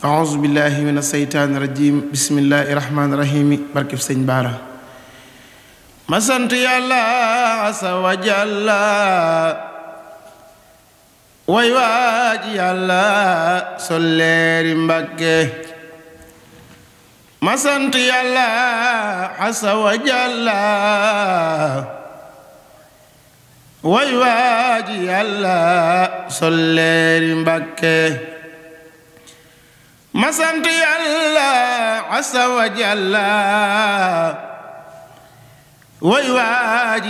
aus billahi min aseytaani rajiim bismillahi rahmaani rahiimi barkeb sëñ sant yàlla asa wa jàlla way wa jàlla way waaj yàlla solleeri ma sant yàlla asa wa jalla way waaj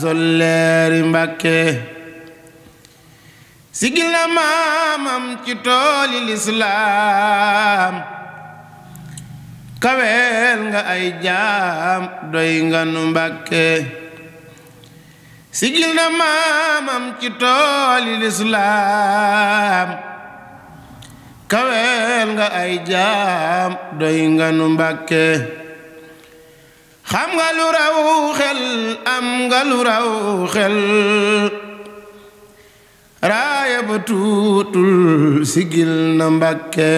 zolleeri mbàkke sigil maamam ci tooli lislaam kaweel nga ay jaam doy nga nu mbàkke sigil maamam ci tooli lislaam kaweel nga ay jaam doy nga nu mbàkke xam nga lu raw xel am nga lu raw xel raaya ba tuutul sigil na mbàkke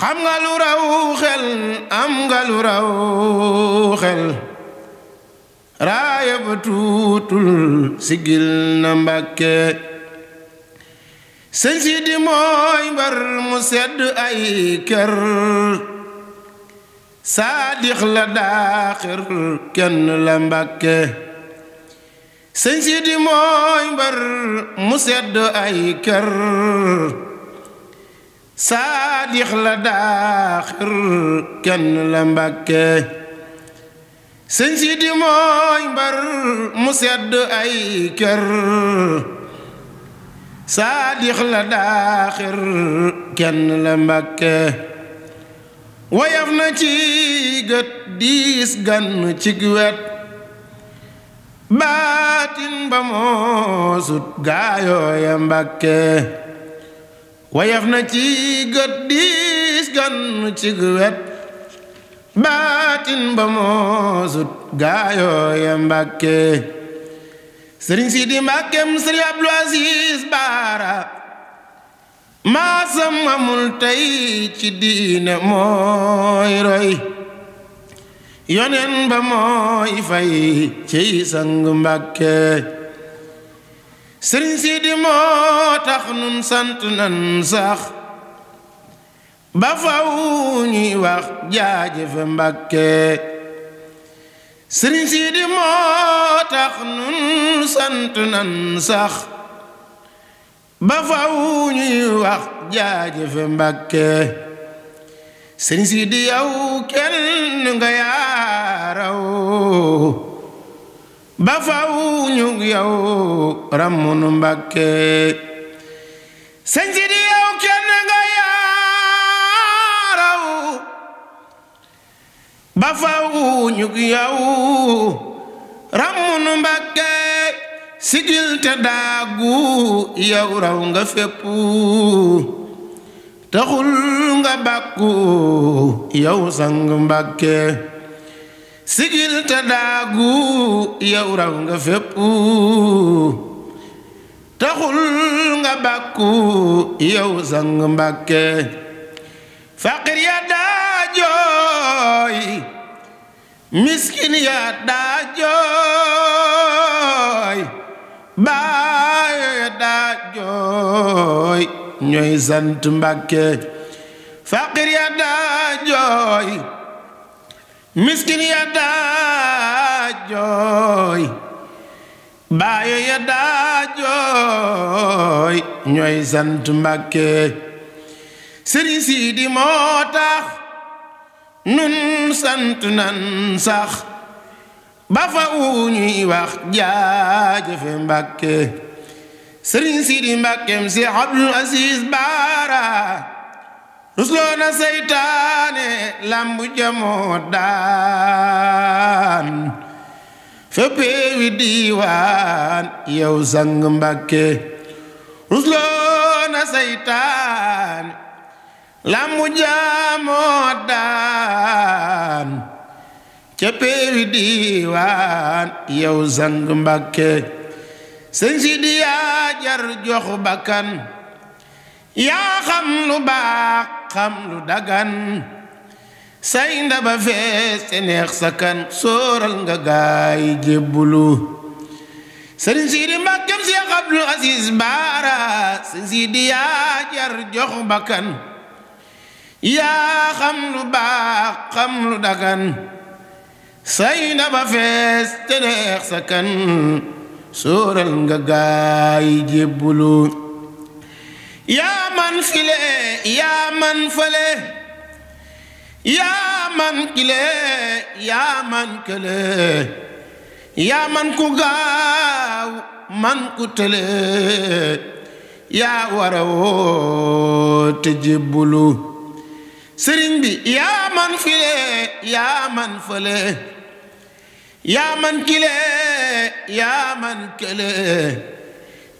xam nga lu raw xel am nga lu raw xel raaya ba tuutul sigil na mbàkke sëñ Sidi mooy mbar mu sedd ay kër ay saadix la daaxir kenn la mbàkke woyof na ci gët diis gan ci wet baatin ba moosut gaayooya mbàkke woyof na ci gët diis gan ci wet baatin ba moosut gaayooya mbàkke sëriñ Sidi Mbàkkem sëriñ Abdul Asiis maasam amul tey ci diine mooy roy yonen ba mooy fay ciy sang mbàkke sëriñ moo tax nun sant nan sax ba faw ñuy wax jaajëfe mbàkke sëriñ Sidi moo tax nun sant nan sax ba faw ñuy wax jaajëfe Mbàkke sëriñ si di yow kenn nga yaaraw ba ñu yow ramunu Mbàkke sëñ si di yow kenn yaaraw ba ñu yow ramunu Mbàkke sigil te daagu yow raw nga fépp taxul nga bàkku yow sang mbàkke sigil te daagu yow raw nga fépp taxul nga bàkku yow sang mbàkke faqir ya miskin ya daa baayo ya jooy ñooy sant Mbàkke faqir ya daa jooy miskin ya jooy baayo ya jooy ñooy sant Mbàkke sëriñ si nun sant nan sax ba fa u ñuy wax jaajëfe mbàkke sëriñ sidi mbàkkem si abdul aziz baara rusloo na seytaane lambu jamoo daan feppeewi diiwaan yow sang mbàkke rusloo na seytaane lambu jamoo daan ca peewi diiwaan yow sang mbakke sëñ si di jar jox bakkan yaa xam lu baax xam lu dagan say ndaba fees neex sa kan sóoral nga gaay jébbulu sëriñ si di mbàkkam si Abdul Aziz Baara sëñ si di jar jox bakkan yaa xam lu baax xam lu dagan say na ba fees te neex sa kan sóoral nga gaay jébbulu yaa man file yaa man fële yaa man ku gaaw man ku tële yaa war a woo te yaa man file yaa man fële yaa man kile yaa man kele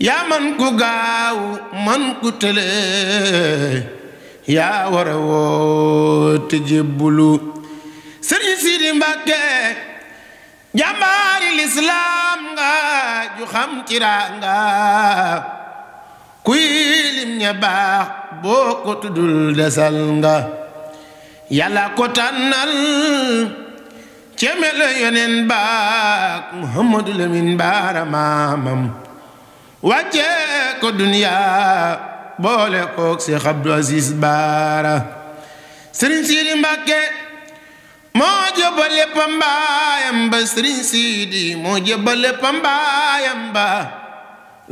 yaa man ku gaaw man ku tele yaa war a woote jébbulu sëriñ Sidi Mbàkke lislaam nga ju xam tira lim ña boo ko tuddul desal nga yàlla ko tànnal ceme yonen baak muhammadu lamin baara maamam wàcce duniyaa boole kook Seex Abdu baara sëriñ Siidi moo jëbal léppa mbaayam ba sëriñ moo jëbal léppa mbaayam ba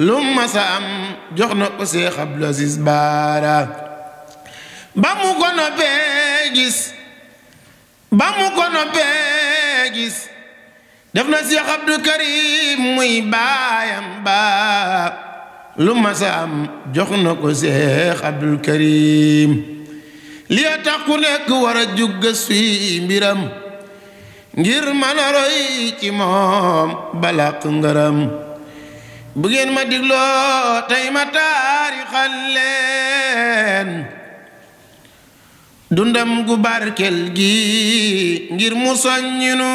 lu am jox na ko Seex baara ba mu ko noppee gis ba a gis def na Seex Abdu Karim muy baayam ba lu masa am jox na ko Seex Abdul Karim li a tax ku nekk war a jug gëstu yi mbiram ngir mën a roy ci moom balaq ngërëm bu ngeen ma digloo tey ma taarixal leen dundam gu barkel gi ngir mu soññinu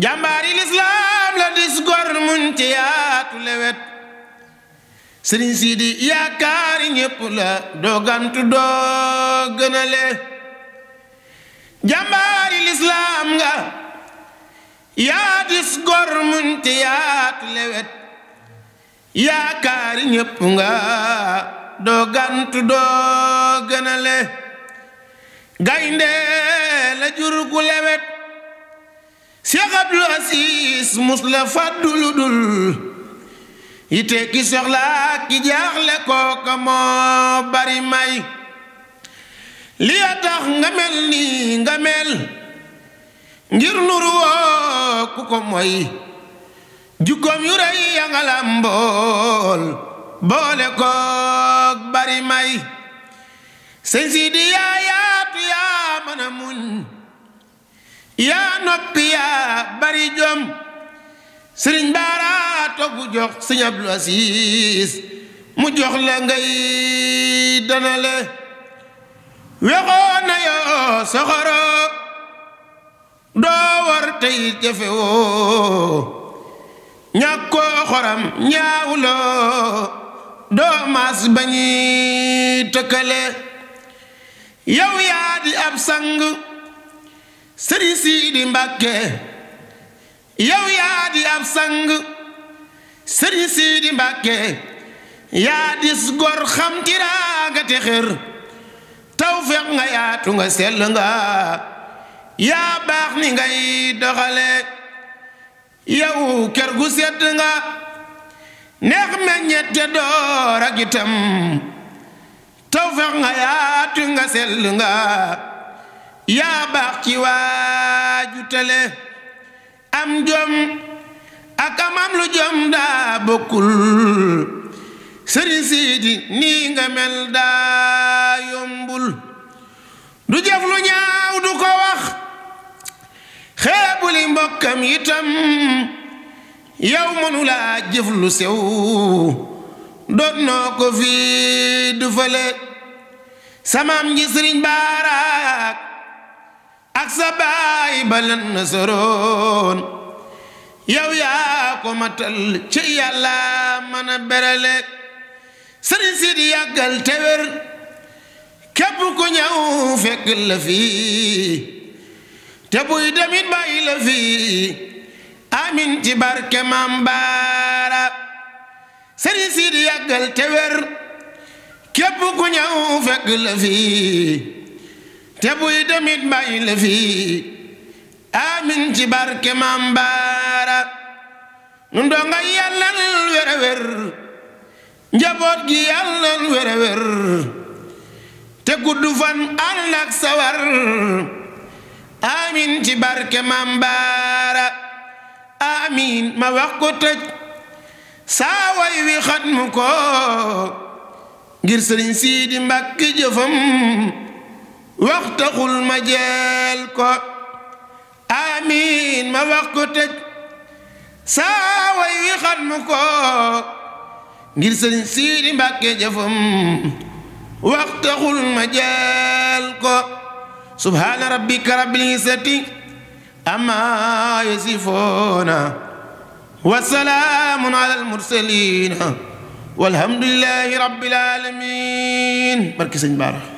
jàmbaari lislaam la dis muñ ci yaatu lewet sëriñ siidi yaakaari ñépp la dogantu doo gënale jàmbaari lislaam nga yaa dis muñ ci yaatu lewet yaakaari ñépp nga dogantu doo gënale gaynde la jur gu lewet Seex Abdu Asiis mus la fàddu dul yite ki soxla ki jaaxle kooka moo bari may li a tax nga mel nii nga mel ngir ku ko moy jukkoom yu rëy ya nga boole koog bari may sëñ Sidi yaa yaatu yaa mën muñ yaa noppi yaa bari jom sëriñ Baara toggu jox sëñ Abdou Aziz mu jox la ngay danale wexoon na yoo soxoro doo war tey jafe woo ñàkkoo xoram ñaawuloo doo maas bañi tëkkale yow yaa di ab sang sëriñ Siidi Mbàkke yow yaa ab sang sëriñ Siidi Mbàkke yaa dis xam tiraanga te xër tawfeex nga yaatu nga sell nga yaa baax ni ngay doxale yow kër gu sedd nga neex meññet te door ak itam tawfeex nga yaatu nga sell nga yaa baax ci waaju tele am jom ak amam lu jom daa bokkul sëriñ siidi nii nga mel daa yombul du jëf lu du ko wax xeebuli mbokkam itam yow mënulaa jëf lu sew doot noo ko fii du samaam ngi sëriñ baaraak ak sa baay balan na soroon yow yaa ko matal ci yàlla mën a berale sëriñ si di tewer képp ku ñëw fekk la fii te buy demit bàyyi la fii amin ci barke maam baara sëriñ si di yàggal te wér képp ku ñëw fekk la fii te buy demit bàyyi la fii amin ci barke maam baara nun doo nga yàllal wér a gi yàllal wér a te gudd fan ànd sawar amin ci barke maam baara amin ma wax ko saa way wi xatmu ko ngir sëriñ siidi mbàkki jëfam waxtaxul ma jeel ko amiin ma wax ko tëj saa way wi xatmu ngir sëriñ siidi mbàkki jëfam waxtaxul ma jeel ko subhaana rabbika rabbil izzati amma yasifoona wasalaamun ala almursalin walhamdulilahi rabbil alamin barki sëñ Baara